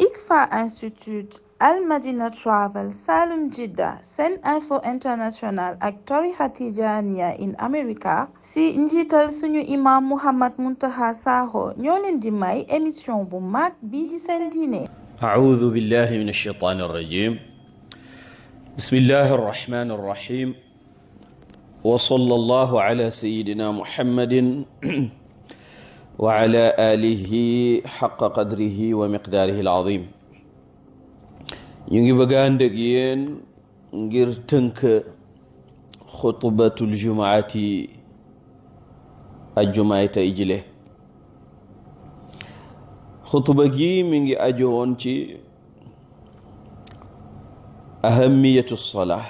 ICFA Institute Al Madina Travel Salum Jidda Sen Info International ak tarixa Tijaaniya in America si njiital suñu imam Muhammad Muntaha Sakho ñoo leen di bu mag bi di seen diine acuudu billahi min alshaytaani arrajim bismillahi arrahmani arrahim wa sallallahu ala wa ala alihi xaqa qadrihi wa miqdaarihi alazim ñu ngi bëgg ànd ak yéen ngir tënk xutbatul jumaati ajjumaay tey jile xutba gi mi ngi aju woon ci ahamiyatu salaa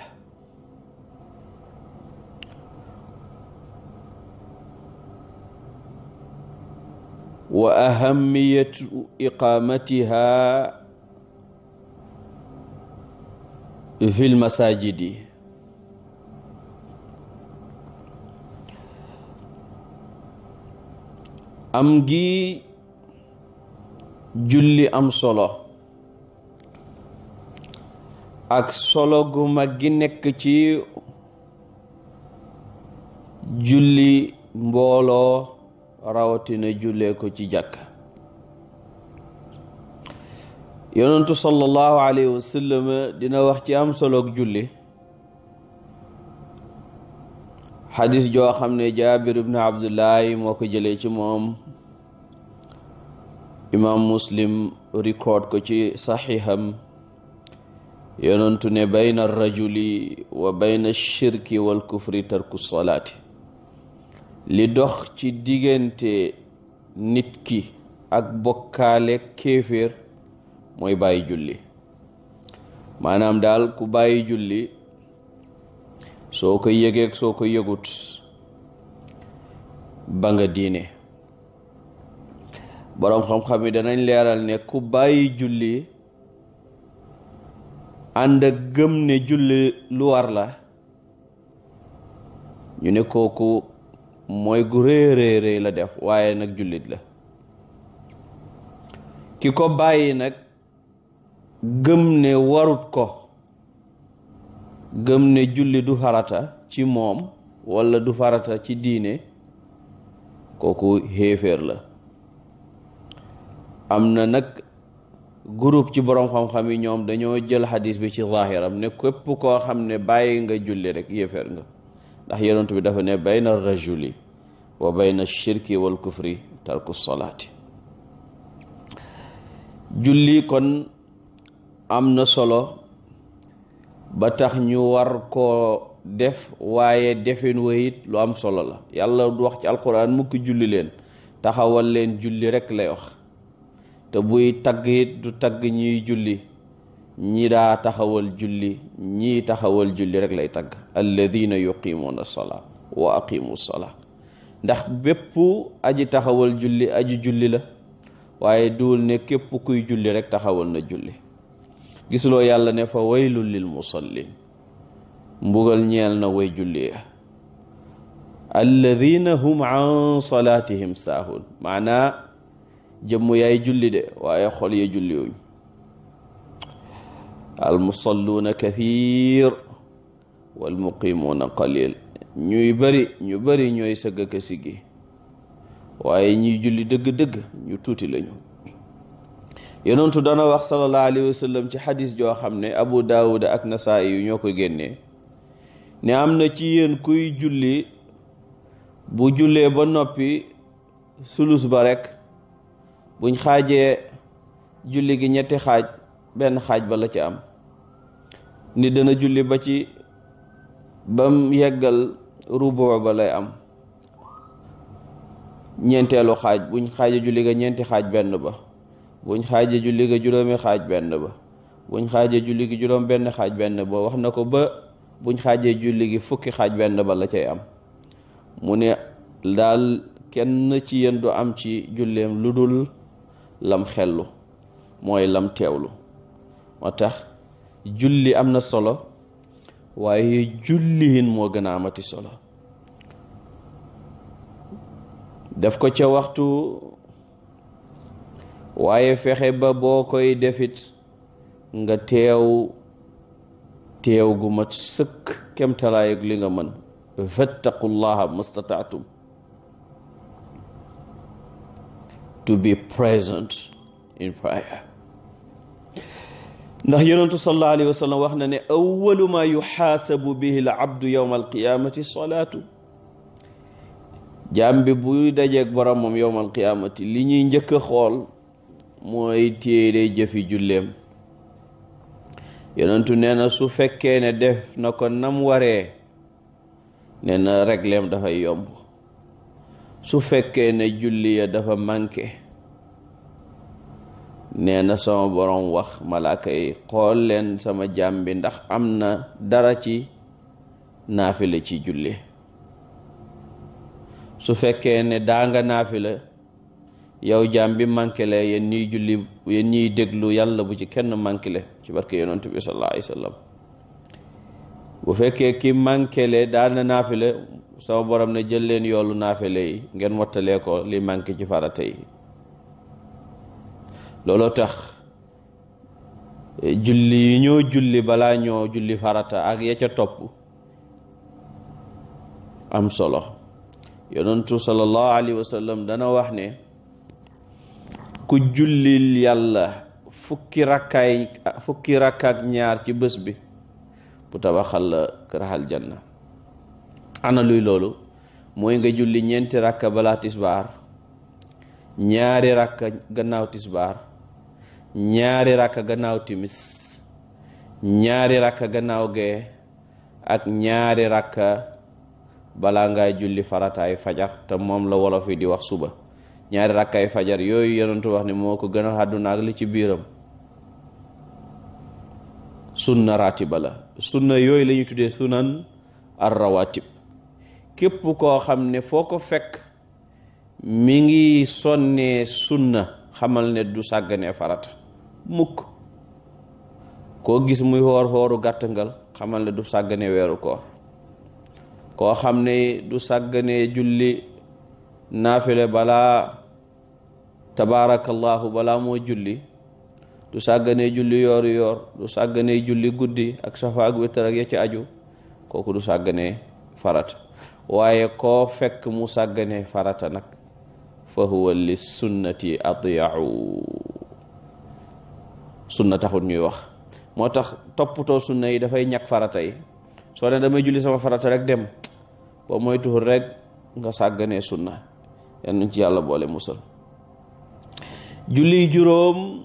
wa ahamiyatu iqamatiha fil masajidi am gi julli am solo ak solo gu mag gi nekk ci julli mbooloo rawatina jullee ko ci jàkka yonentu sallallahu alayhi wa dina wax ci am soloog julli xadis joo xam ne jaabir ibnu abdullahi moo ko jëlee ci moom imaam muslim record ko ci saxiixam yonentu ne bayna rajuli wa bayna shirki wal kufri tarku salaati li dox ci diggante nit ki ak bokkaale kéeféer mooy bàyyi julli maanaam daal ku bàyyi julli soo ko yëgeeg soo ko yëgut ba nga diine boroom xam-xam yi danañ leeral ne ku bàyyi julli ànd ak gëm ne julli lu war la ñu ne kooku mooy gu réy réy la def waaye nag jullit la ki ko bàyyi nag gëm ne warut ko gëm ne julli du farata ci moom walla du farata ci diine kooku xéeféer la am na nag groupe ci boroom xam-xam yi ñoom dañoo jël xadis bi ci zaahiram ne képp koo xam ne bàyyi nga julli rekk yéeféer nga ndax yonent bi dafa ne bay bayna rajuli wa na shirki wal kufri tarku salaati julli kon am na solo ba tax ñu war koo def waaye defin wayit lu am solo la yàlla du wax ci alquran mukki julli leen taxawal leen julli rekk lay wax te buy tagg it du tagg ñuy julli ñi daa taxawal julli ñii taxawal julli rek lay tagg alladina yuqimuuna salaa wa aqimu salaa ndax bépp aji taxawal julli aji julli la waaye duwul ne képp kuy julli rek taxawal na julli gisuloo yàlla ne fa waylu lil musallin mbugal ñeel na way julli ya alladina hum an salaatihim saahun maanaa jëmm yaay julli de waaye xol ya julliwuñ almusalluuna kathir walmuqimuuna qalil ñuy bari ñu bari ñooy sëgg ak siggi waaye ñuy julli dëgg-dëgg ñu tuuti lañu yonentu dana wax sallallahu alayhi wa ci xadis joo xam ne abu daawuda ak nasaa yu ñoo ko génnee ne am na ci yéen kuy julli bu jullee ba noppi sulus ba rekk buñ xaajee julli gi ñetti xaaj benn xaaj ba la ci am ni dana julli ba ci bam yeggal rubo ba lay am ñeenteelu xaaj buñ xaaja julli ga ñeenti xaaj benn ba buñ xaaja julli ga juróomi xaaj benn ba buñ xaaja julli gi juróom benn xaaj benn ba wax na ko ba buñ xaajee julli gi fukki xaaj benn ba la cay am mu ne daal kenn ci yéen du am ci julleem lu dul lam xellu mooy lam teewlu moo tax julli am na solo waaye julliin moo gën a amati solo def ko ca waxtu waaye fexe ba boo koy defit nga teew teew gu mat sëkk kemtalaay li nga mën fattaqullaha mastataatum to be present in prayer ndax yonentu sallallahu alayhi wa wax na ne awalu ma yuxaasabu bihi l abdu yowma alqiyaamati solaatu jaam bi buy dajeeg boromam moom yowma alqiyaamati li ñuy njëkk xool mooy téere jëfi julleem yonentu nee na su fekkee ne def na ko nam waree nee na regleem dafay yomb su fekkee ne julli ya dafa manqué nee na sama borom wax malaaka xool leen sama jaam bi ndax am na dara ci naafila ci julli su fekkee ne daa nga naafila yow jaam bi mankile yéen ñiy julli yéen ñiy déglu yàlla bu ci kenn mankile ci barke yonent bi sallallahu alayhi wa bu fekkee ki mankele daa na naafila sama borom ne jël leen yoolu naafile yi ngeen mottalee ko li manqué ci farata yi looloo tax julli yi ñoo julli balaa ñoo julli farata ak ya ca topp am solo yonentu sallallahu alayhi wa dana wax ne ku jullil yàlla fukki rakkaay fukki rakkaak ñaar ci bés bi bu tabaxal la raxal janna ana loolu mooy nga julli ñeenti rakka balaa tisbaar ñaari rakka gannaaw tisbaar ñaari ràkk gannaaw timis ñaari rakka gannaaw gee ak ñaari ràkk balaa ngay julli farataay fajar te moom la wolof yi di wax suba ñaari ràkk ay fajar yooyu yonentu wax ne moo ko gënal àdduna ak li ci biiram sunna raatiba la sunna yooyu lañuy ñuy tuddee sunan ar képp koo xam ne foo ko fekk mi ngi sonnee sunna xamal ne du sàggane farata mukk koo gis muy xoor xooru gàttangal xamal na du sàggane weeru koor koo xam ne du sàggane julli naafile balaa tabaarakallaahu balaa moo julli du sàggane julli yooru yoor du sàggane julli guddi ak safa ak wittar ak ya ci aju kooku du sàggane farata waaye koo fekk mu sàggane farata nag fa huwa li sunnati atiyaau sunna taxut ñuy wax moo tax toppatoo sunna yi dafay ñàkk farata yi soo ne damay julli sama farata rekk dem boo mooy tuxul nga sàgganee sunna yal nañ ci yàlla boole musal julli juróom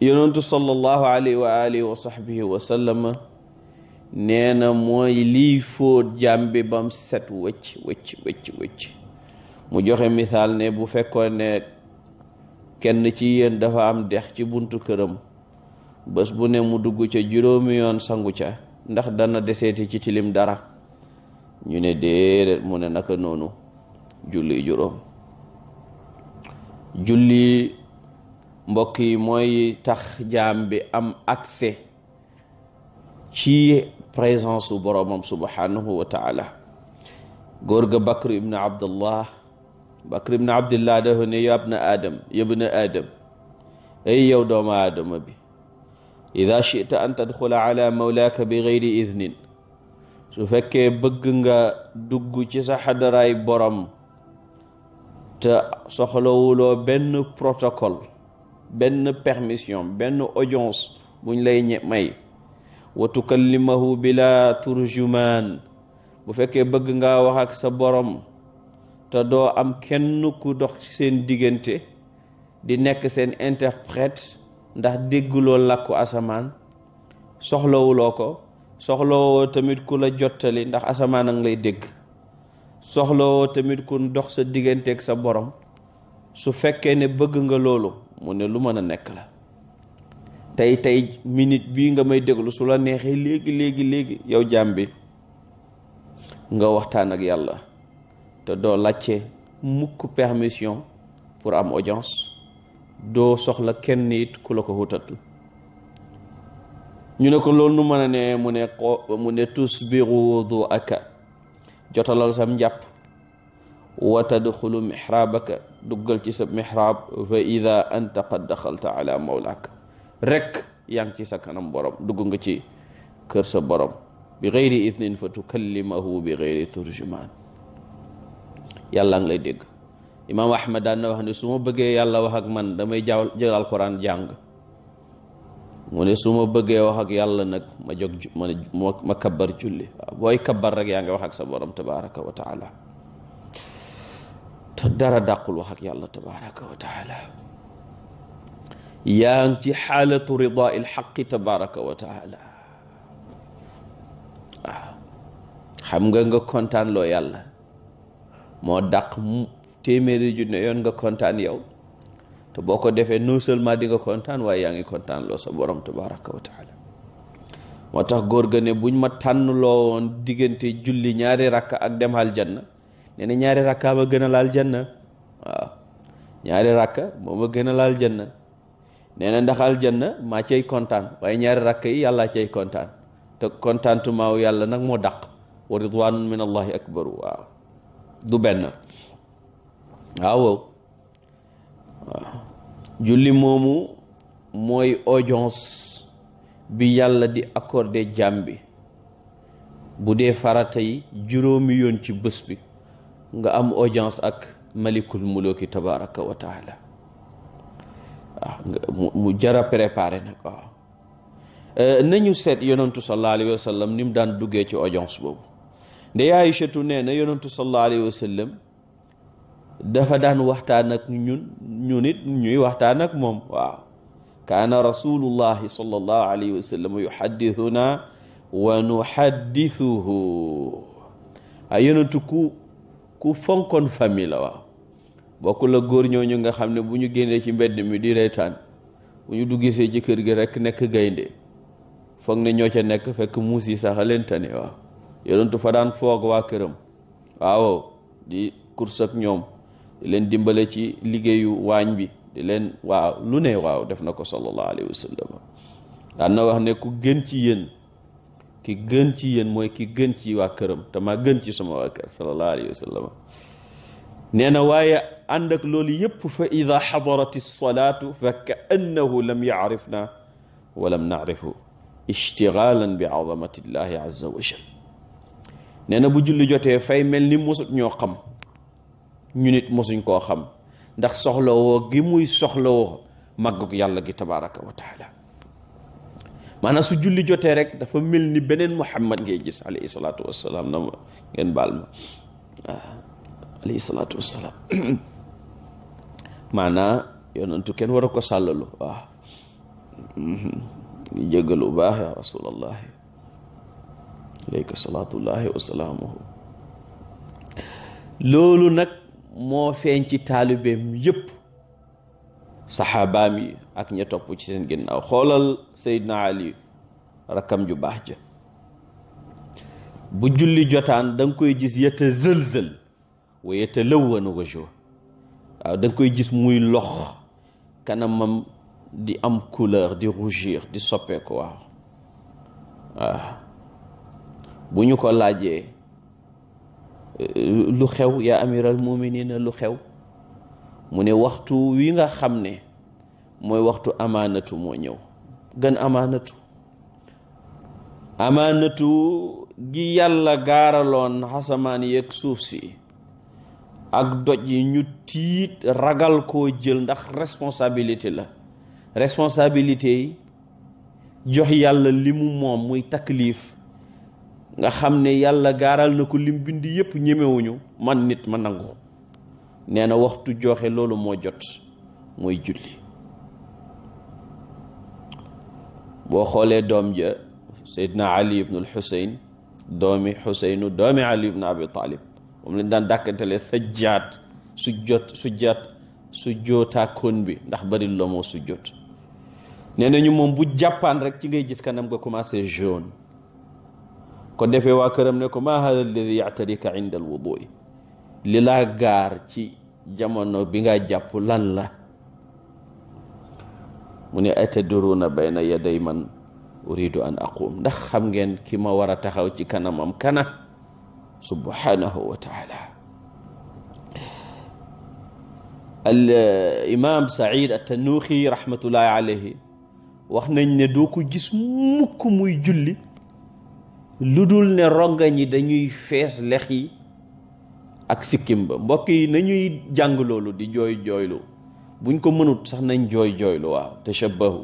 yonentu sallallahu alayhi wa alihi wa sahbihi wa nee na mooy lii fóot jaam bi bam set wëcc wëcc wëcc mu joxe misaal ne bu fekkoon ne kenn ci yéen dafa am dex ci buntu këram bés bu ne mu dugg ca juróomi yoon sangu ca ndax dana deseeti ci tilim dara ñu ne déedéet mu ne naka noonu julli juróom julli mbokk yi mooy tax jaam bi am accès ci présence su boroomam subhanahu wa taala góor ga Bakr Bakr ibn Abdillah dafa ne yaa ibna Aadam yaa ibna Aadam ay yow doomu aadama bi ida chita an tadxula ala mawlaaka bi gayri idnin su fekkee bëgg nga dugg ci sa xadaraay borom te soxlawuloo benn protocole benn permission benn audience buñ lay may wa tukallimahu bila turjumaan bu fekkee bëgg nga wax ak sa borom te doo am kenn ku dox ci seen diggante di nekk seen interprète ndax dégguloo làkku asamaan soxlawuloo ko soxlawoo tamit ku la jottali ndax asamaan a lay dégg soxlawoo tamit ku dox sa diggante ak sa borom su fekkee ne bëgg nga loolu mu ne lu mën a nekk la tey tey minute bii nga may déglu su la neexee léegi léegi léegi yow jaam bi nga waxtaan ak yàlla te doo làcce mukk permission pour am audience doo soxla kenn it ku la ko hutatu ñu ne ko loolu nu mën a ne mu ne ko mu ne tusbiru du aka jotalal sam njàpp wa tadxulu mixraabaka duggal ci sa mixraab fa ida anta qad daxalta ala mawlaaka rek yaa ngi ci sa kanam borom dugg nga ci kër sa borom bi gayri idnin fa tukallimahu bi gayri turjumaan yàlla ngi lay dégg imaam ahmad daan na wax ne su ma bëggee yàlla wax ak man damay jaaw jël alxuraan jàng mu ne su ma bëggee wax ak yàlla nag ma jóg ma kabbar julli booy kabbar rek yaa ngi wax ak sa borom dara dàqul wax yàlla tabaraka wa taala ci xaalatu ridaa il xaqi tabaraka wa nga nga kontaan loo yàlla moo dàq téeméeri junne yoon nga kontaan yow te boo ko defee non seulement di nga kontaan waaye yaa ngi kontaan loo sa borom tabaraka wa taala moo tax góor ga ne buñ ma tànn loo woon diggante julli ñaari ràkk ak dem aljanna nee na ñaari rakka ma gën a laal janna ñaari rakka moo gën a laal janna nee na jën na maa cay kontaan waaye ñaari rakka yi yàlla cay kontaan te kontaantumaaw yàlla nag moo dàq wa ridwanun min allahi akbaru waaw du benn ah, waaw waaw julli moomu mooy audience bi yàlla di accordé jaam bi bu dee farata juróomi yoon ci bës bi nga am audience ak malikul mulooki tabaraka wa waaw ah, mu jara préparé nag waaw eh, nañu seet yonantu sallallahu alayhi wa sallam ni mu daan duggee ci audience boobu ndey Aïchatu nee na yonentu sallallahu alayhi wa sallam dafa daan waxtaan ak ñun ñu ñuy waxtaan ak moom waaw kaana rasulullahi sallallahu alayhi wa sallam yuhaddithuna wa nuhaddithuhu ay yonentu ku ku fonkoon famille la waaw la góor ñooñu nga xam ne bu ñu génnee ci mbedd mi di reetaan bu ñu duggisee ci kër gi rekk nekk gaynde foog ne ñoo ca nekk fekk muus yi sax a leen tane waaw yonentu fa daan foog waa këram waaw di course ñoom di leen dimbale ci liggéeyu waañ bi di leen lu ne waaw def na ko sallallahu alayhi wa sallam daan na wax ne ku gën ci ki gën ci yéen mooy ki gën ci waa këram te maa gën ci sama waa kër sallallahu na waaye ànd ak loolu yépp fa ida xadarat lsalaatu fa kaannahu lam yacrif na wa lam nacrifhu bi azamati llahi azza wa nee na bu julli jotee fay mel ni mosut ñoo xam ñu nit mosuñ koo xam ndax soxlawoo gi muy soxlawoo màggug yàlla gi tabaraka wa taala su julli jotee rek dafa mel ni beneen muhammad ngay gis alayhi salaatu wassalaam na ma ngeen baal ma waaw ah, alayhi salaatu wassalaam maanaa yonentu kenn war a ko sàllalu waaw ñu mm-hmm. jégalu baax ya rasulallah alayka salaatullahi wa loolu nag moo feeñ ci taalibeem yépp saxaabaam yi ak ña topp ci seen ginnaaw xoolal Seydina Ali rakkam ju baax ja bu julli jotaan danga koy gis yeta zëlzël wa yeta lëwwana wajo waaw da koy gis muy lox kanamam di am couleur di rougir di soppee ko waaw waaw bu ñu ko laajee lu xew yaa amiral muminina lu xew mu ne waxtu wi nga xam ne mooy waxtu amaanatu moo ñëw gan amaanatu amaanatu gi yàlla gaaraloon xasamaan yeeg suuf si ak doj yi ñu tiit ragal koo jël ndax responsabilité la responsabilité yi jox yàlla li mu moom muy taklif nga xam ne yàlla gaaral na ko lim bind yépp ñemewuñu man nit ma nangu nee na waxtu joxe loolu moo jot mooy julli boo xoolee doom ja seydna ali ibnul xuseyn doomi xuseynu doomi ali ibnu abi taalib moom lañ daan dàkkantele sajjaat su jot su jot su jootaakoon bi ndax bari lomoo su jot nee nañu moom bu jàppaan rek ci ngay gis kanam nga commencé jaune ko defee waa këram ne ko ma hada alladi yactarika inda alwudui li gaar ci jamono bi nga jàpp lan la mu ne atadruuna bayna yaday man uridu an aqum ndax xam ngeen ki ma war a taxaw ci kanamam kana subhanahu wa taala al eh, imam said attanuuxi rahmatullahi alayhi wax nañ ne doo ko gis muy julli lu dul ne rongañ yi dañuy fees lex yi ak sikkim ba mbokk yi nañuy jàng loolu di jooy jooylu buñ ko mënut sax nañ jooy jooylu waaw tashabbahu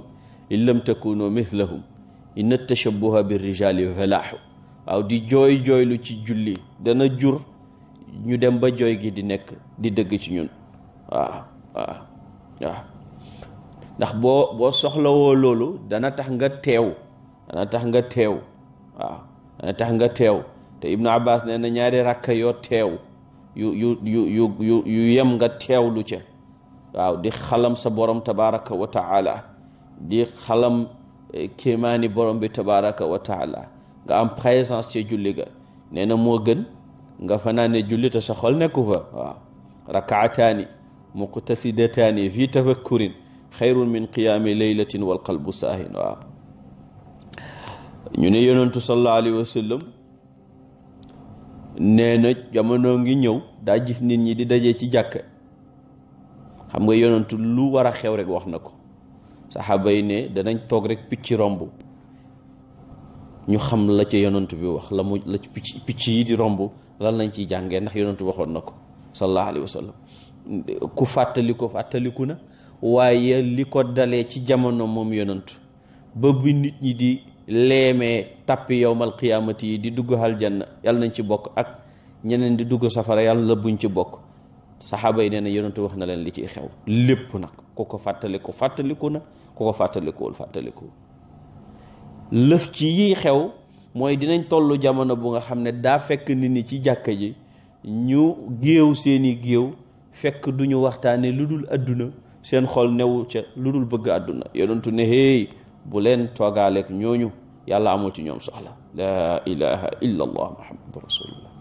in lam takunu mithlahum inna bi rijali falaahu waaw di jooy jooylu ci julli dana jur ñu dem ba jooy gi di nekk di dëgg ci ñun waaw waaw waaw ndax boo boo soxlawoo loolu dana tax nga teew dana tax nga teew waaw tax nga teew te ibnu abbas nee na ñaari rakka yoo teew yu yem nga teew lu ca waaw di xalam sa borom tabaraka wa taala di xalam eh, kéemaani borom bi tabaraka wa taala nga am présence ci julli ga nee na moo gën nga fanaane julli te sa xol nekku fa waaw rakaataani muqtasidataani fii tafakkurin xayrun min qiyaami laylatin wal qalbu saahin waaw ñu ne yonentu sallallahu alayhi wa sallam nee na jamono ngi ñëw daa gis nit ñi di daje ci jàkk xam nga yonentu lu war a xew rek wax na ko saxaaba yi ne danañ toog rek picc romb ñu xam la ca yonentu bi wax la mu la picc picc yi di romb lan lañ ciy jàngee ndax yonentu waxoon na ko sallallahu alayhi wa ku fàttaliku fàttaliku na waaye li ko dalee ci jamono moom yonentu ba bi nit ñi di léemee tappi yowmal qiyaamati yi di dugg aljanna yàlla nañ ci bokk ak ñeneen di dugg safara yàlla la buñ ci bokk saxaaba yi nee na yonentu wax na leen li ciy xew lépp nag ku ko fàttaliku fàttaliku na ku ko fàttalikuwul fàttaliku lëf ci yiy xew mooy dinañ toll jamono bu nga xam ne daa fekk nit ñi ci jàkka ji ñu géew seeni géew fekk duñu waxtaane lu dul àdduna seen xol newu ca lu dul bëgg àdduna yonentu ne hey bu leen toogaaleeg ñooñu yàlla amul ci ñoom soxla laa ilaha illa allah muhammadu rasulullah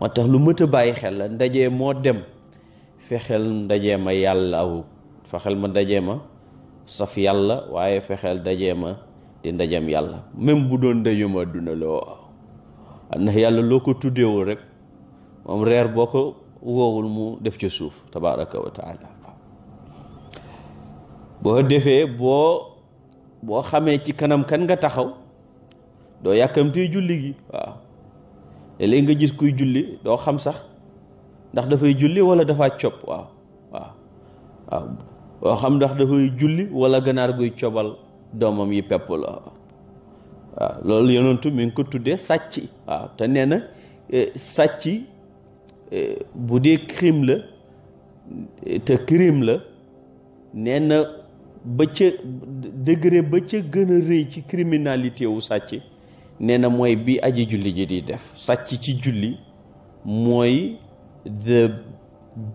waaw moo tax lu mët bàyyi xel la ndaje moo dem fexeel ndaje ma yàlla aw fexeel ma ndaje ma saf yàlla waaye fexeel ndaje ma di ndajem yàlla même bu doon ndajem àdduna la waaw ndax yàlla loo ko tuddeewul rek moom reer boo ko woowul mu def ca suuf tabaraka wa taala boo defee boo boo xamee ci kanam kan nga taxaw doo yàkkamtee julli gi waaw léeg-léeg nga gis kuy julli doo xam sax ndax dafay julli walla dafa cob waaw waaw waaw doo xam ndax dafay julli wala ganaar guy cobal doomam yi pepp la waaw loolu yonentu mi ngi ko tuddee sàcc waaw te nee e, sàcc e, bu dee crime la te crime la nee na degré ba ca gën a rëy ci criminalité wu sàcc nee na mooy bi aji julli ji di def sàcc ci julli mooy the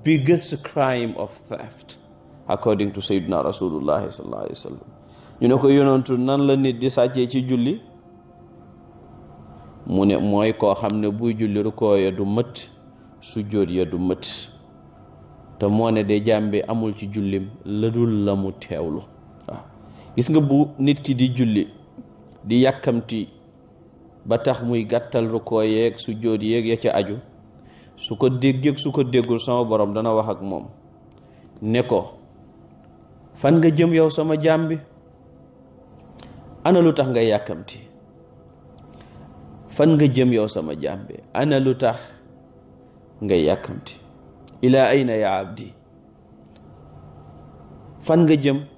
biggest crime of theft according to sayyidina rasulullahi sallallahu alayhi wa ñu ne ko yonantu nan la nit di sàccee ci julli mu ne mooy koo xam ne buy julli rukoo ya du mët su ya du mët te moo ne de bi amul ci jullim la dul la mu teewlu gis nga bu nit ki di julli di yàkkamti ba tax muy gàttal rukoo yeeg su jóot yeeg ya ca aju su ko déggeeg su ko déggul sama borom dana wax ak moom ne ko fan nga jëm yow sama jaam bi ana lu tax nga yàkkamti fan nga jëm yow sama jaam bi lu tax nga yàkkamti ila ayna ya abdi fan nga jëm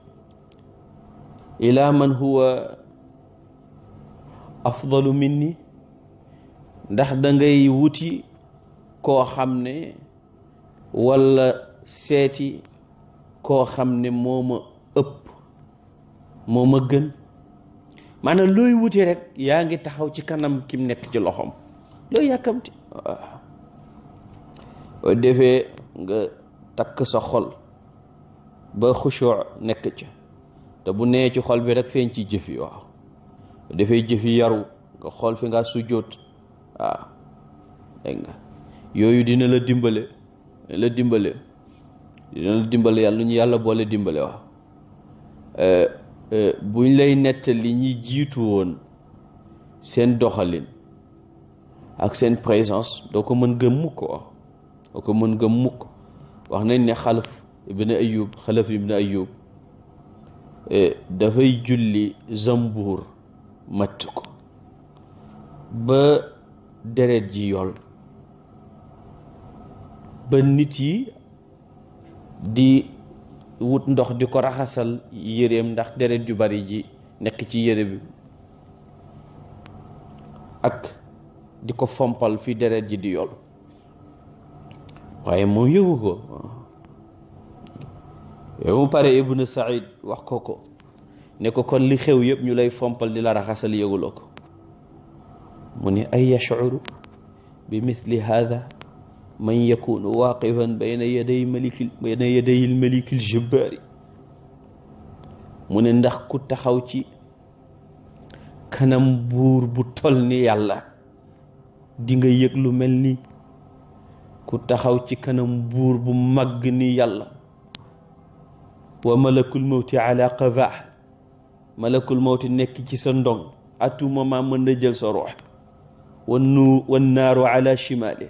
ila man huwa afdalu minni ndax dangay wuti koo xam ne walla seeti koo xam ne moo ma ëpp moo ma gën maanaam looy wuti rekk yaa ngi taxaw ci kanam kim nekk ci loxoom looy yàkkamti waaw defee nga takk sa xol ba xusoo nekk ci te bu nee ci xol bi rek feeñ ci jëf yi waaw dafay jëf yi yaru nga xool fi nga sujjóot waaw yooyu dina la dimbale dina la dimbale dina la dimbale yàlla ñu yàlla boole dimbale waaw eh, eh, buñ lay nettali ñi jiitu woon seen doxalin ak seen présence doo ko mën gëm mukk waaw doo ko mën gëm mukk wax nañ ne xalaf ibn ayub xalaf ibn ayub Eh, dafay julli zambuur matt ko ba deret ji yool ba nit yi di wut ndox di ko raxasal yéreem ndax deret ju bari ji nekk ci yére bi ak di ko fompal fi deret ji di yool waaye moom yëgu ko yow mu pare ibnu saïd wax ko ko ne ko kon li xew yëpp ñu lay fompal di la raxasal yëguloo ko mu ne ay yashcuru bi mithli hada man yakunu waaqifan bayna yaday maliki bayna yaday lmaliki ljabbaari mu ne ndax ku taxaw ci kanam buur bu tol ni yàlla dinga yëg lu mel ni ku taxaw ci kanam buur bu màgg ni yàlla wa malakul mawti ala qaba nekk ci sa ndong à tout mën na jël sa ruux wannu wannaaru ala chimali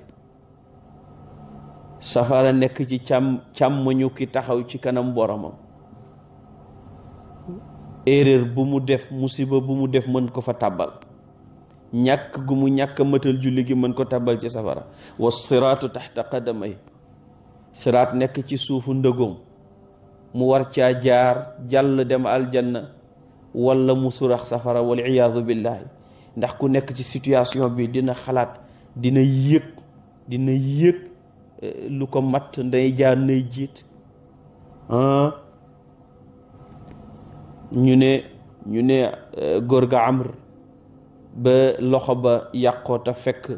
safara nekk ci càmm càmmoñu ki taxaw ci kanam boromam erreur bu mu def musiba bu mu def mën ko fa tàbbal ñàkk gu mu ñàkk matal julli gi mën ko tàbbal ci safara was siraatu taxta qadamay siraat nekk ci suufu ndëgoom mu war caa jaar jàll dem aljana walla musura safara wal iyaadu billahi ndax ku nekk ci situation bi dina xalaat dina yëg dina yëg eh, lu ko mat nday jaar nay jiit ah. ñu ne ñu ne eh, góor ga amr ba loxo ba yàqoo te fekk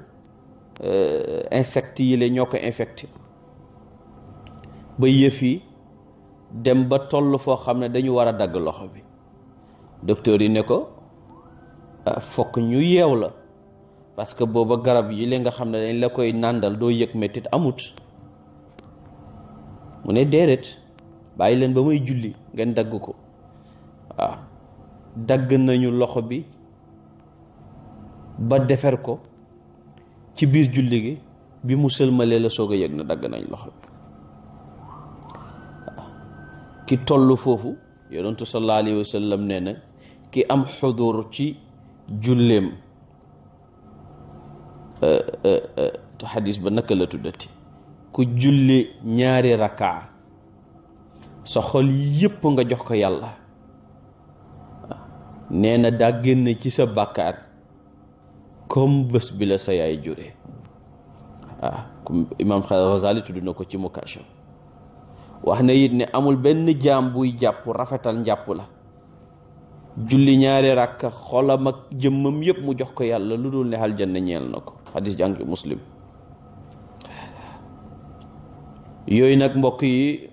eh, insectes yi la ñoo ko infecté ba yëf yi dem ba toll foo xam ne dañu war a dagg loxo bi docteur yi ne ko ah, fokk ñu yeew la parce que booba garab yi li nga xam ne dañ la koy nàndal doo yëg mettit amut mu ne déedéet bàyyi leen ba muy julli ngeen dagg ko waaw dagg nañu loxo bi ba defer ko ci biir julli gi bi mu sëlmalee la soog a yëg na dagg nañ loxo bi ki toll foofu yonentu sallallahu alayhi wa sallam nee na ki am xudur ci julleem euh, euh, euh, te xadis ba naka la tuddati ku julli ñaari rakaa sa xol yépp nga jox ko yàlla nee na daa génn ci sa bàkkaar comme bés bi la sa yaay jure waaw comme ah, imaam Xasali tudd na ko ci mukaasam wax na it ne amul benn jaam buy jàpp rafetal njàpp la julli ñaari ràkk xolam ak jëmmam yépp mu jox ko yàlla lu dul ne aljanna ñeel na ko xadis jàng muslim yooyu nag mbokk yi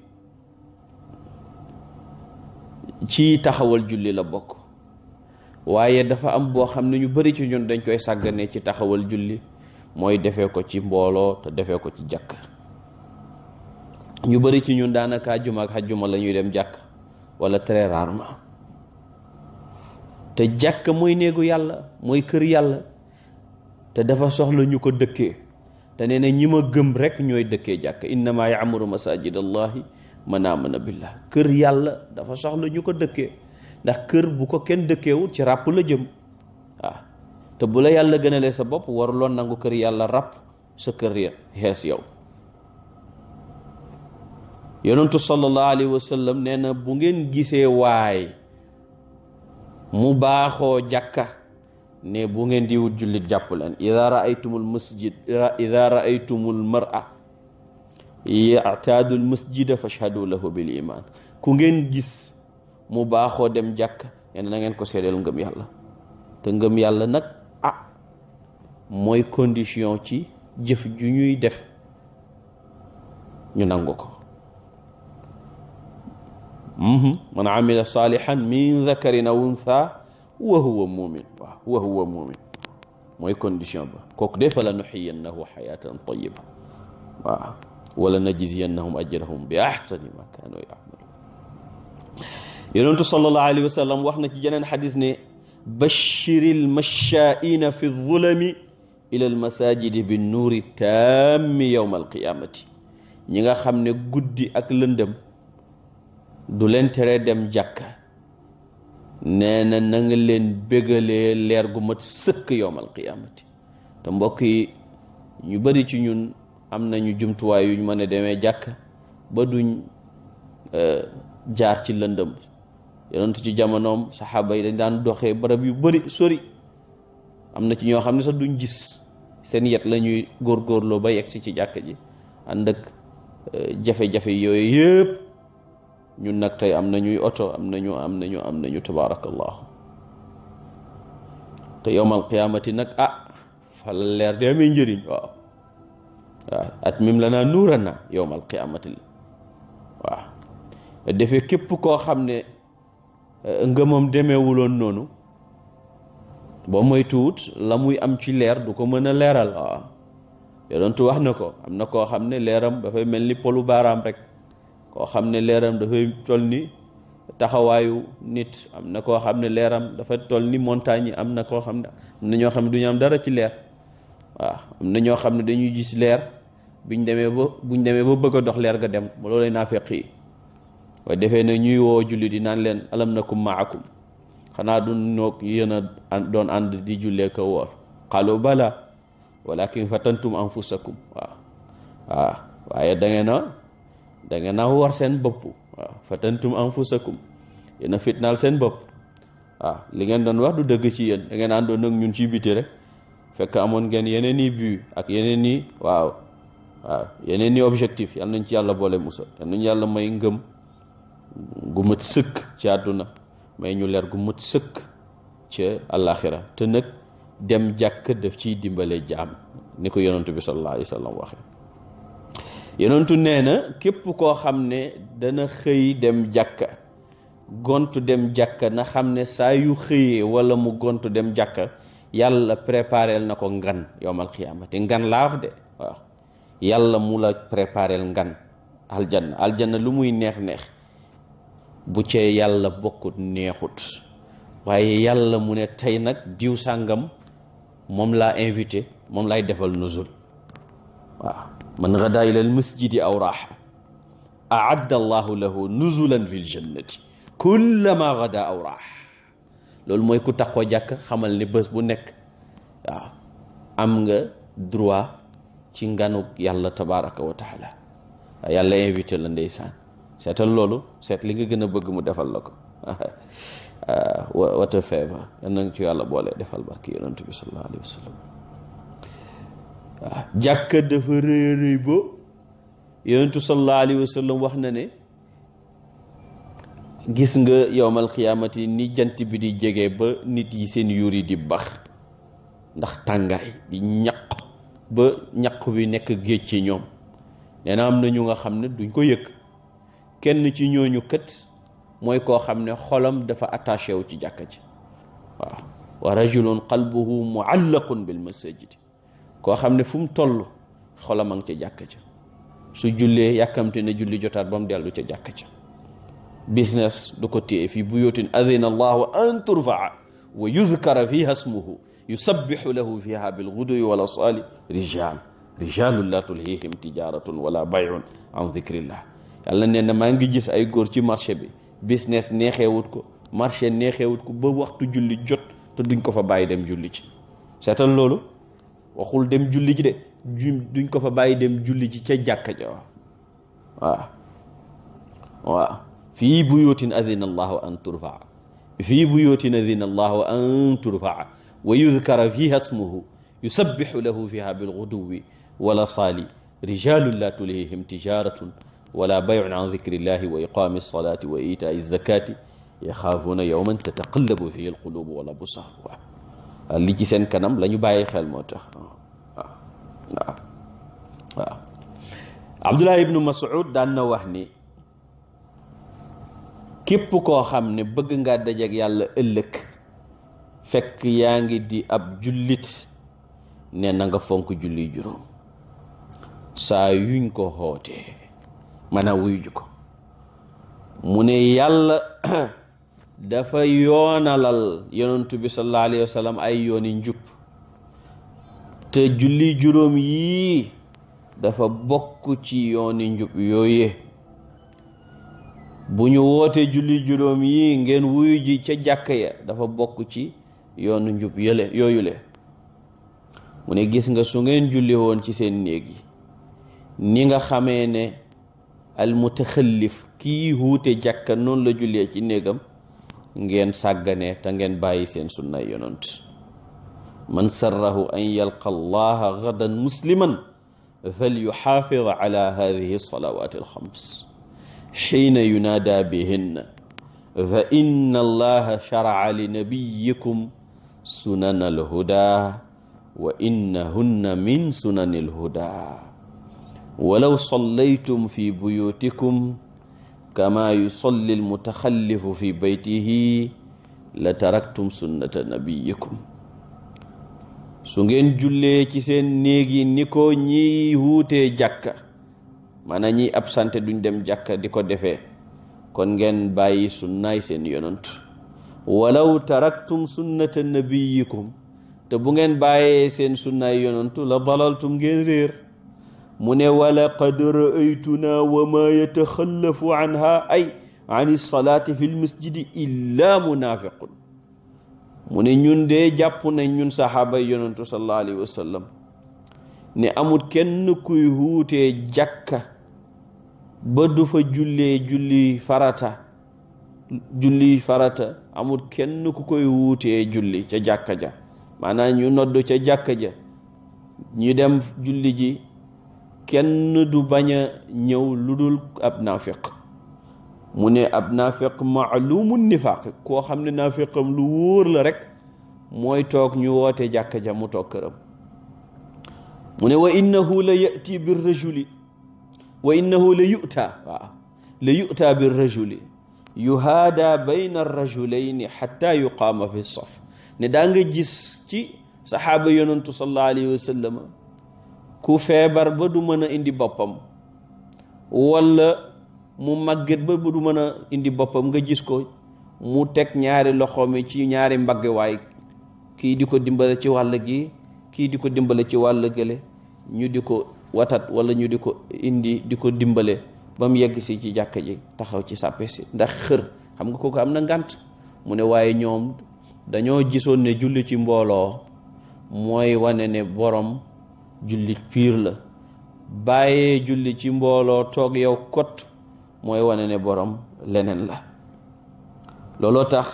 ci taxawal julli la bokk waaye dafa am boo xam ne ñu bari ci ñun dañ koy sàggane ci taxawal julli mooy defe ko ci mbooloo te defe ko ci jàkka ñu bari ci ñun daanaka àjjuma ak àjjuma la ñuy dem jàkk wala très rarement te jàkk mooy néegu yàlla mooy kër yàlla te dafa soxla ñu ko dëkkee te nee na ñi ma gëm rek ñooy dëkkee jàkk innama yaamuru masajid allahi man amana billah kër yàlla dafa soxla ñu ko dëkkee ndax kër bu ko kenn dëkkeewul ci ràpp la jëm waaw te bu la yàlla gënalee sa bopp waruloon nangu kër yàlla ràpp sa kër ya xees yow yonentu sallallahu alayhi wa nee na bu ngeen gisee waay mu baaxoo jàkka ne bu ngeen di wut jullit jàpp leen ida raaytumul masjid ida raaytumul mar'a yataadul masjida fashhadu lahu bil iman ku ngeen gis mu baaxoo dem jàkk nee na ngeen ko seedeel ngëm yàlla te ngëm yàlla nag ah mooy condition ci jëf ju ñuy def ñu nangu ko Mm-hmm. man amila salihan min dhakarin aw untha wa huwa mumin waaw wa huwa mumin mooy condition ba kooku de fa la nuxiyannahu xayatan tayiba waaw wala najziyannahum ajrahum bi ahsani ma kaanu yacmaluun yonentu sallallahu alayhi wa sallam wax na ci jeneen xadis ne bashiri lmashaa'ina fi zulami ila almasajidi bi nuuri tammi yowma alqiyamati ñi nga xam ne guddi ak lëndëm du leen tere dem jàkka nee na nanga leen bégalee leer gu mat sëkk yowmal qiyaamati te mbokk yi ñu bari ci ñun am nañu jumtuwaay yu ñu mën a demee jàkka ba duñ e, jaar ci lëndëm yonentu ci jamonoom saxaaba yi dañ daan doxee barab yu bari sori am na ci ñoo xam ne sax duñ gis seen yet lañuy góor góorgóorloo ba yegg si ci jàkka ji ànd ak e, jafe-jafe yooyu yëpp ñun nag tey am nañuy oto am nañu am nañu am nañu tabaarakallahu te yowmal qiyaamati nag ah fa leer de amee njëriñ waaw waaw ah, at mim la naa nuura na yowmal qiyaamati la waaw defee képp koo xam ne eh, ngëmam demeewuloon noonu ba moytuwut la muy am ci leer du ko mën a leeral waaw yonentu wax na ko am na koo xam ne leeram dafay mel ni polu baaraam rek koo xam ne leeram dafay toll ni taxawaayu nit am na koo xam ne leeram dafa toll ni montagne yi am na koo xam ne am na ñoo xam ne du ñu am dara ci leer waaw am na ñoo xam ne dañuy gis leer buñ demee ba buñ demee ba bëgg a dox leer ga dem ba naa naafeq yi waaye defee na ñuy woo julli di naan leen alam nakum maakum xanaa du noog yéen a doon ànd di jullee ko woor xalu bala walakin fatantum anfusakum waaw waaw waaye da ngeen a da naa a war seen bopp waaw fatantum anfusakum yéen a fitnaal seen bopp waaw li ngeen doon wax du dëgg ci yéen da ngeen àndoon ak ñun ciy biti rek fekk amoon ngeen yeneen i but ak yeneen i waaw waaw yeneen i objectif yal nañ ci yàlla boole musa yal yàlla may ngëm gu mat sëkk ci àdduna may ñu leer gu mët sëkk ca àllaaxira te nag dem jàkk def ciy dimbale jaam ni ko yonantu bi sallallahu alayhi wa sallam waxee yonentu nee na képp koo xam ne dana xëy dem jàkka gont dem jàkka na xam ne saa yu xëyee wala mu gont dem jàkka yàlla préparel na ko ngan yowmal xiyaama ngan laa wax de waaw yàlla mu la préparel ngan aljanna aljanna lu muy neex-neex bu cee yàlla bokkut neexut waaye yàlla mu ne tey nag diw sàngam moom laa invité moom lay defal nuzul waaw man gada ila al masjidi aw raaxa aadda allahu lahu nuzulan fi ljannati kullama gada aw raax loolu mooy ku takkoo jàkk xamal ne bés bu nekk am nga droit ci nganu yàlla tabaraka wa taala yàlla invité la ndeysaan seetal loolu seet li nga gën a bëgg mu defal la ko wata feeva yan nañ ci yàlla boole defal barki yonent bi sallallahu alayhi waa jàkka dafa rëy rëy ba yonentu sallallahu alayhi wax na ne gis nga yowmal xiyaamati ni jant bi di jege ba nit yi seen yuur yi di baax ndax tàngaay di ñaq ba ñaq wi nekk géej ci ñoom nee na am na ñu nga xam ne duñ ko yëkk kenn ci ñooñu kët mooy koo xam ne xolam dafa attaché wu ci jàkka ji waaw wa rajulun qalbuhu muallaqun bil masajidi koo xam ne fu mu toll xolam a ngi ca jàkk ca su jullee yàkkamte ne julli jotaat bam mu dellu ca jàkk ca business du ko téye fii buyutin adina allahu an turfaa wa yuzkara fiha smuhu yusabbihu lahu fiha bilguduwi wala saali rijal rijalun la tulhihim tijaratun wala bayun an dicrillah yàlla nee na maa ngi gis ay góor ci marché bi business neexeewut ko marché neexeewut ko ba waxtu julli jot te duñ ko fa bàyyi dem julli ci seetal loolu waxul dem julli ji de duñ ko fa bàyyi dem julli ji ca jàkka ja waaw waaw fii buyutin adina allahu an turfaa fii buyutin adina allahu an turfaa wa yudkara fiha smuhu yusabbihu lahu fiha bilguduwi wala saali rijalun la tulhihim tijaratun wala bayun an dikrillahi wa iqami alsalati wa itaai alzakati yaxaafuuna yowman tataqallabu fihi alqulubu wal absaar li ci seen kanam lañu bàyyi xel moo tax waaw waaw waaw ibnu mas'ud daan wax ni képp koo xam ne bëgg nga dajeek yàlla ëllëg fekk yaa ngi di ab jullit ne na nga fonk julli juróom saa yuñ ko xootee mën a ko mu ne yàlla dafa yoonalal yonentu bi sallallahu alayhi wa ay yooni njub te julli juróom yii dafa bokk ci yooni njub yooye bu ñu wootee julli juróom yi ngeen wuyu ji ca jàkk ya dafa bokk ci yoonu njub mu ne gis nga su ngeen julli woon ci seen néeg yi ni nga xamee ne al kiy kii wuute jàkka noonu la jullee ci néegam ngeen sàggane te ngeen bàyyi seen sunna yonant man sarrahu an yalqa allaha gadan musliman fal yuxaafid ala hadihi salawaati alxams xiina yunaada bihinna fa inna allaha sharaca li nabiyikum sunan alhuda wa innahunna min sunan alhuda walaw sallaytum fi buyutikum kama yusalli almutaxallifu fi baytihi la taraktum sunnata nabiyikum su ngeen jullee ci seen néeg yi ni ko ñiy wuutee jàkka maanaam ñiy absente duñ dem jàkka di ko defe kon ngeen bàyyi sunnaay seen yonant walaw taraktum sunnata nabiyikum te bu ngeen bàyyee seen sunnaay yonantu la dalaltum ngeen réer mu ne walaqad raaytunaa wa maa yataxallafu anha ay an salaati fi lmasjidi illa munaafiqun mu ne ñun de jàpp nañ ñun saxaaba yi yonentu sallallahu alayhi wa sallam ne amul kenn kuy wuutee jàkka ba du fa julli farata julli farata amul kenn ku koy wuutee julli ca jàkka ja maanaam ñu nodd ca jàkka ja ñu dem julli ji kenn du bañ a ñëw lu dul ab naafiq mu ne ab naafiq maalumun nifaaq koo xam ne naafiqam lu wóor la rek mooy toog ñu woote jàkka ja mu toog këram mu ne wa innahu la yati bir rajuli wa innahu la yu'ta waaw la yu'ta bir rajuli yuhaada bayna rajulayni xatta fi saf ne daa nga gis ci saxaaba yonantu sallallahu alayhi wa sallama ku feebar ba du mën a indi boppam walla mu màgget ba du mën a indi boppam nga gis ko mu teg ñaari loxoom mi ci ñaari mbagg waay kii di ko dimbale ci wàll gi kii di ko dimbale ci wàll gële ñu di ko watat walla ñu di ko indi di ko dimbale ba mu yegg si ci jàkk ji taxaw ci sàppe si ndax xër xam nga kooku am na ngànt mu ne waaye ñoom dañoo gisoon ne julli ci mbooloo mooy wane ne borom jullit piir la bàyyee julli ci mbooloo toog yow kot mooy wane ne boroom leneen la looloo tax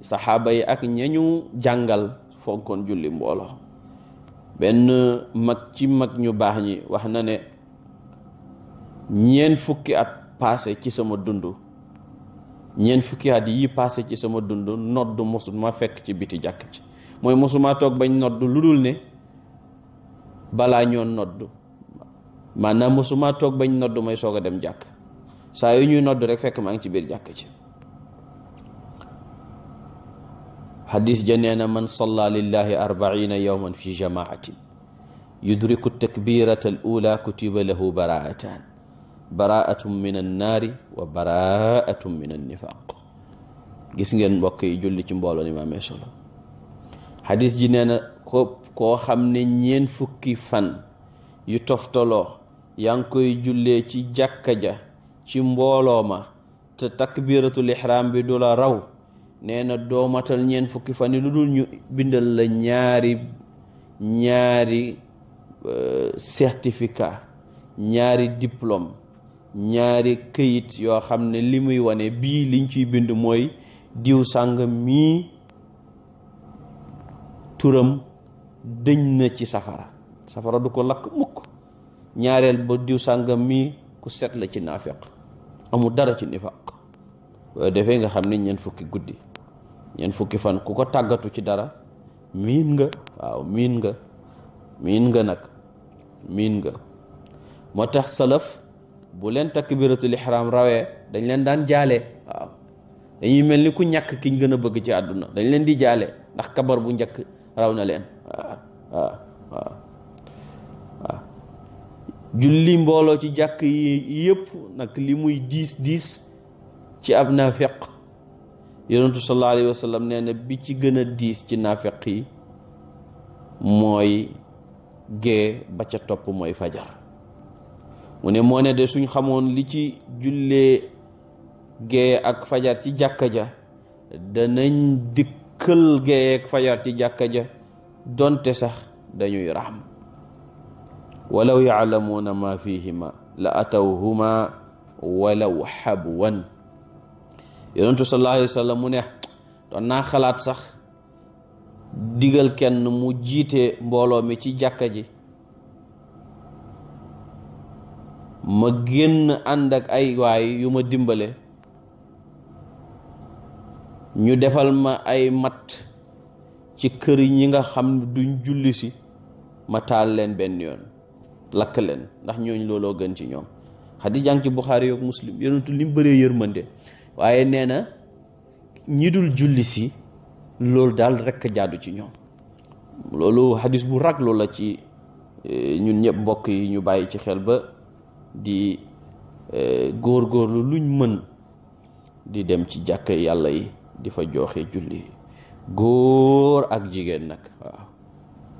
saxaaba yi ak ñañu jàngal fonkoon julli mbooloo benn mag ci mag ñu baax ñi wax na ne ñeent fukki at passé ci sama dund ñeent fukki at yi passé ci sama dund nodd mosuma fekk ci biti jàkk ci mooy mosuma toog bañ nodd lu dul ne balaa ñoo nodd maanaam mosuma toog bañ noddu may soog a dem jàkk saa yu ñuy nodd rek fekk maa ngi ci biir jàkk ci xadis ja nee na man salla lillahi arbaina yowman fi jamaatin yudriku takbirata al kutiba lahu baraatan baraatum min annaari wa baraatum min annifaq gis ngeen mbokk yi julli ci mbooloo ni maamee solo koo xam ne ñeen fukki fan yu toftaloo yaa ngi koy jullee ci jàkka ja ci mbooloo ma te takbiratul ihram bi du la raw nee na doomatal ñeen fukki fan yi lu dul ñu bindal la ñaari ñaari euh, certificat ñaari diplôme ñaari këyit yoo xam ne li muy wane bii liñ ciy bind mooy diw sàng mii turam dëñ na ci safara safara du ko lakk mukk ñaareel ba diw sàngam mii ku set la ci naafeq amul dara ci nifaq waaye defee nga xam ne ñeent fukki guddi ñeent fukki fan ku ko tàggatu ci dara miin nga waaw miin nga miin nga nag miin nga moo tax salaf bu leen takbiratul ihram rawee dañ leen daan jaale waaw dañuy mel ni ku ñàkk kiñ gën a bëgg ci àdduna dañ leen di jaale ndax kabar bu njëkk raw na leen waaw waaw julli mbooloo ci jàkk yi yépp nag li muy diis diis ci ab naafeq yonentu sallallahu alayhi wa sallam bi ci gën diis ci naafeq yi mooy gée ba ca topp mooy fajar mu ne moo ne de suñ xamoon li ci jullee gee ak fajar ci jàkka ja danañ dikkal gee ak fajar ci jàkka ja donte sax dañuy raxm walaw yaalamuuna ma fihima la atawhuma walaw xabwan yonentu sallallahu alayhi wa mu ne doon naa xalaat sax digal kenn mu jiite mbooloo mi ci jàkka ji ma génn ànd ak ay waay yu ma dimbale ñu defal ma ay matt ci kër yi ñi nga xam ne duñ julli si ma taal leen benn yoon lakk leen ndax ñooñ looloo gën ci ñoom xadis jàng ci Buxaari yoog muslim yonentu li mu bëree yërmande waaye nee na ñi dul julli si loolu daal rekk jaadu ci ñoom loolu xadis bu raglu la ci e, ñun ñëpp mbokk yi ñu bàyyi ci xel ba di e, góorgóorlu luñ mën di dem ci jàkk yàlla yi di fa jooxe julli góor ak jigéen nag waaw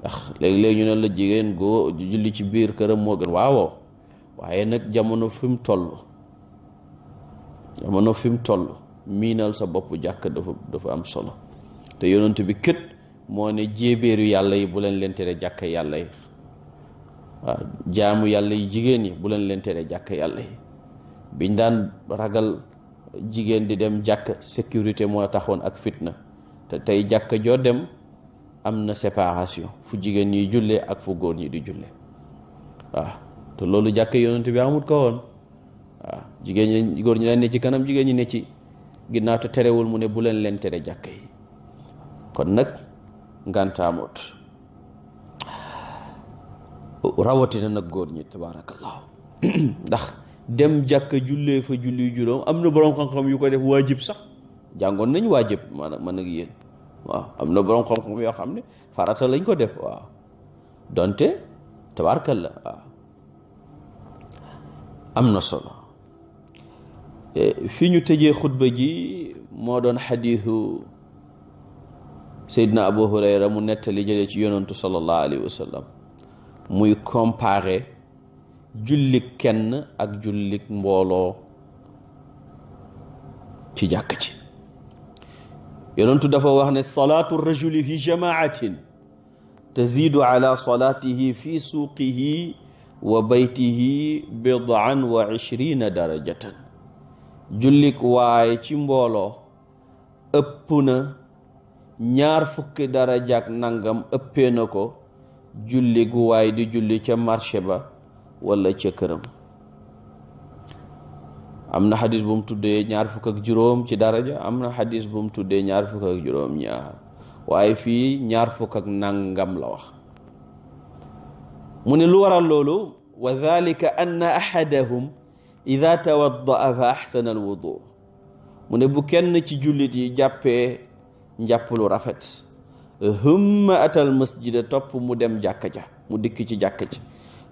ndax léeg-léeg ñu ne la jigéen góor julli ci biir këram moo gën waaw waaye nag jamono fi mu toll jamono fi mu toll miinal sa bopp jàkk dafa dafa am solo te yonent bi kët moo ne jéebéeru yàlla yi bu leen leen tere jàkk yàlla yi waaw jaamu yàlla yi jigéen yi bu leen leen jàkk yàlla biñ daan ragal jigéen di dem jàkk sécurité moo taxoon ak fitna te tey jàkk joo dem am na séparation fu jigéen ñi jullee ak fu góor ñi di jullee waaw te loolu jàkka yonent bi amut ko woon waaw jigéen ñi góor ñi daan ne ci kanam jigéen ñi ne ci ginnaaw terewul mu ne bu leen leen tere jàkk yi kon nag ngàntaamut rawatina nag góor ñi tabaarakallaahu ndax dem jàkka jullee fa julli juróom am na boroom xam-xam yu ko def waajib sax jàngoon nañ waajib maanaam man ak yéen waaw am na borom xam-xam yoo xam ne farata lañ ko def waaw donte tabarkal la waaw am na solo e, fi ñu tëjee xutba ji moo doon xadiisu Seydina Abu Hurayra mu nettali jëlee ci yonantu sallallahu alayhi wa muy compare jullik kenn ak jullik mbooloo ci jàkk ci yonentu dafa wax ne salaatu rajuli fi jamaatin taziidu ala salaatihi fi suuqihi wa baytihi bid'an wa ishrina darajatan jullik waaye ci mbooloo ëpp na ñaar fukki darajaak nangam ëppee na ko julli gu di julli ca marché ba walla ca këram am na xadis bu mu tuddee ñaar fukk ak juróom ci daraja am na xadis bu mu tuddee ñaar fukk ak juróom waaye fii ñaar fukk ak nangam la mu ne lu waral loolu wa dalika anna axadahum ida tawaddaa fa axsana alwudu mu ne bu kenn ci jullit yi jàppee njàpp lu rafet humma atal masjida topp mu dem jàkka ja mu dikk ci jàkka ja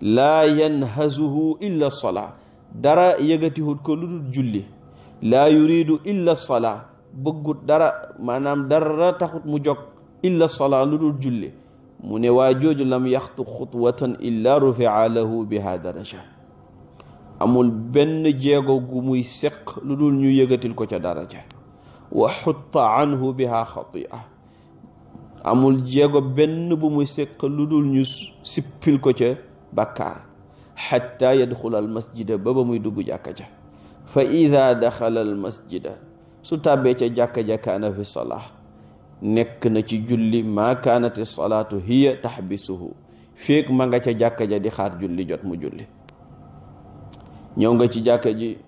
laa yanhasuhu illa salaa dara yëgatihut ko lu dul julli laa yuridu illa salaa bëggut dara maanaam dara taxut mu jog illa salaa lu dul julli mu ne waa jooju lam yaxtu xutwatan illa rufia lahu biha daraja amul benn jéego gu muy seq lu dul ñu yëgatil ko ca daraja wa xutta anhu biha xatia amul jéego benn bu muy seq lu dul ñu sippil ko ca bàkkaar xatta yadxula al masjida ba ba muy dugg jàkka ja fa ida daxala al masjida su tàbbee ca jàkka ja kaana fi salaa nekk na ci julli maa kaanati salaatu hiya taxbisuhu féeg ma nga ca jàkka ja di xaar julli jot mu julli ñëw nga ci jàkka ji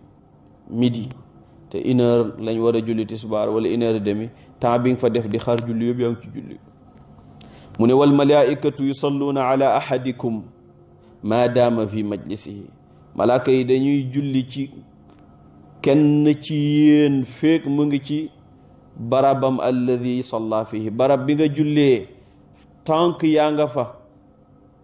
midi te une heure lañ war a julli tisbaar wala une heure demi temps bi fa def di xaar julli yëpp yaa ngi ci julli mu ne wal malaikatu yusalluuna ala ahadikum maadaama fi majlisihi malaaka yi dañuy julli ci kenn ci yéen féeg mu ngi ci barabam alladi salla fihi barab bi nga jullee tànk yaa nga fa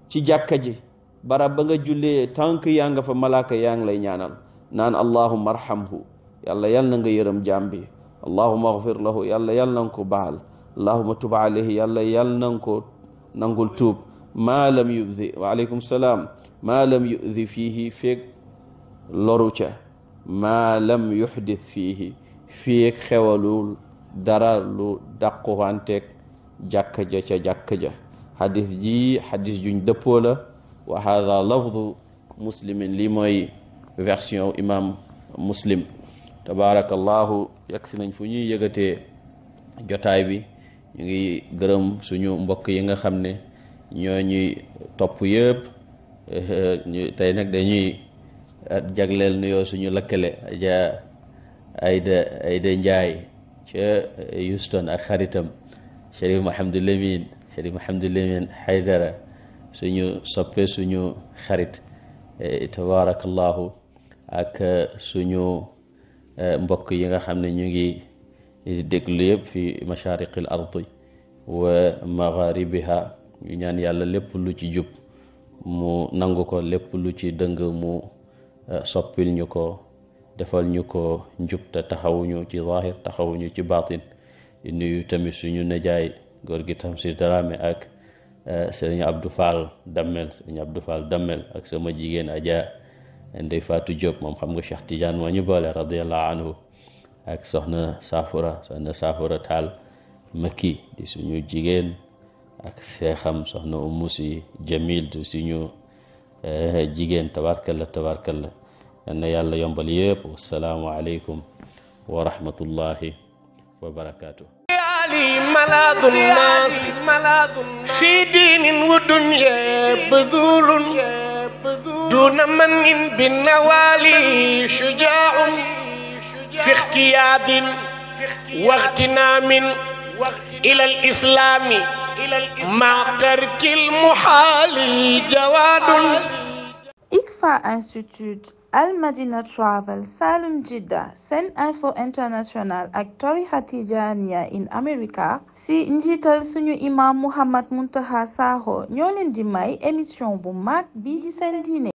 ci jàkka ji barab ba nga jullee tànk yaa nga fa malaaka yaa ngi lay ñaanal naan allahumma arhamhu yàlla yal na nga yërëm jaam bi allahumma agfir lahu yàlla yal na nga ko baal allahumma tub alayhi yàlla yal na nga nangul tuub maa lam yudi waaleykum salaam maa lam yudi fiihi feeg loru ca maa lam yuxdis fiihi feeg xewalul dara lu dàquwanteeg jàkka ja ca jàkka ja xadis ji xadis juñ wa hada lafdu muslimin lii mooy version imam muslim tabarakallahu yegg si nañ fu ñuy yëgatee jotaay bi ñu ngi gërëm suñu mbokk yi nga xam ne ñoo ñuy topp yëpp tey nag dañuy ah, jagleel nuyoo suñu lëkkale aja Ayda Ayda Njaay ca Houston ak xaritam Cherif Mouhamadou Lamine Cherif Mouhamadou Lamine Haydara suñu soppe suñu xarit eh, tabarakallahu ak suñu eh, mbokk yi nga xam ne ñu ngi déglu yëpp fi mashariqil ardi wa magharibiha ñu ñaan yàlla lépp lu ci jub mu nangu ko lépp lu ci dëng mu eh, soppil ñu ko defal ñu ko njub te taxawuñu ci zaahir taxawuñu ci baatin di nuyu tamit suñu nejaay góor gi Tamsir Dramé ak eh, sëriñ Abdou Fall Dammel sëriñ Abdou Fall Dammel ak sama jigéen Adja Ndey Fatou Diop moom xam nga Cheikh Tidiane moo ñu boole radiyallahu anhu ak soxna Saafura soxna Saafura Taal Makki di suñu jigéen ak seexam soxna umu si jamil du suñu eh, jigéen tabarkalla tabarkalla na yàlla yombal yëpp wasalaamu aleykum wa rahmatullahi wa barakaatu علي ملاذ الناس في دين ودنيا بذول دون من بالنوالي شجاع في اختياد واغتنام إلى الإسلام ma tarkil muhaali jawaadun ICFA Institute Al Madina Travel Salum Jidda Sen Info International ak tarixa Tijaaniya in America si njiital suñu imam Muhammad Muntaha Sakho ñoo di may émission bu mag bii di seen diine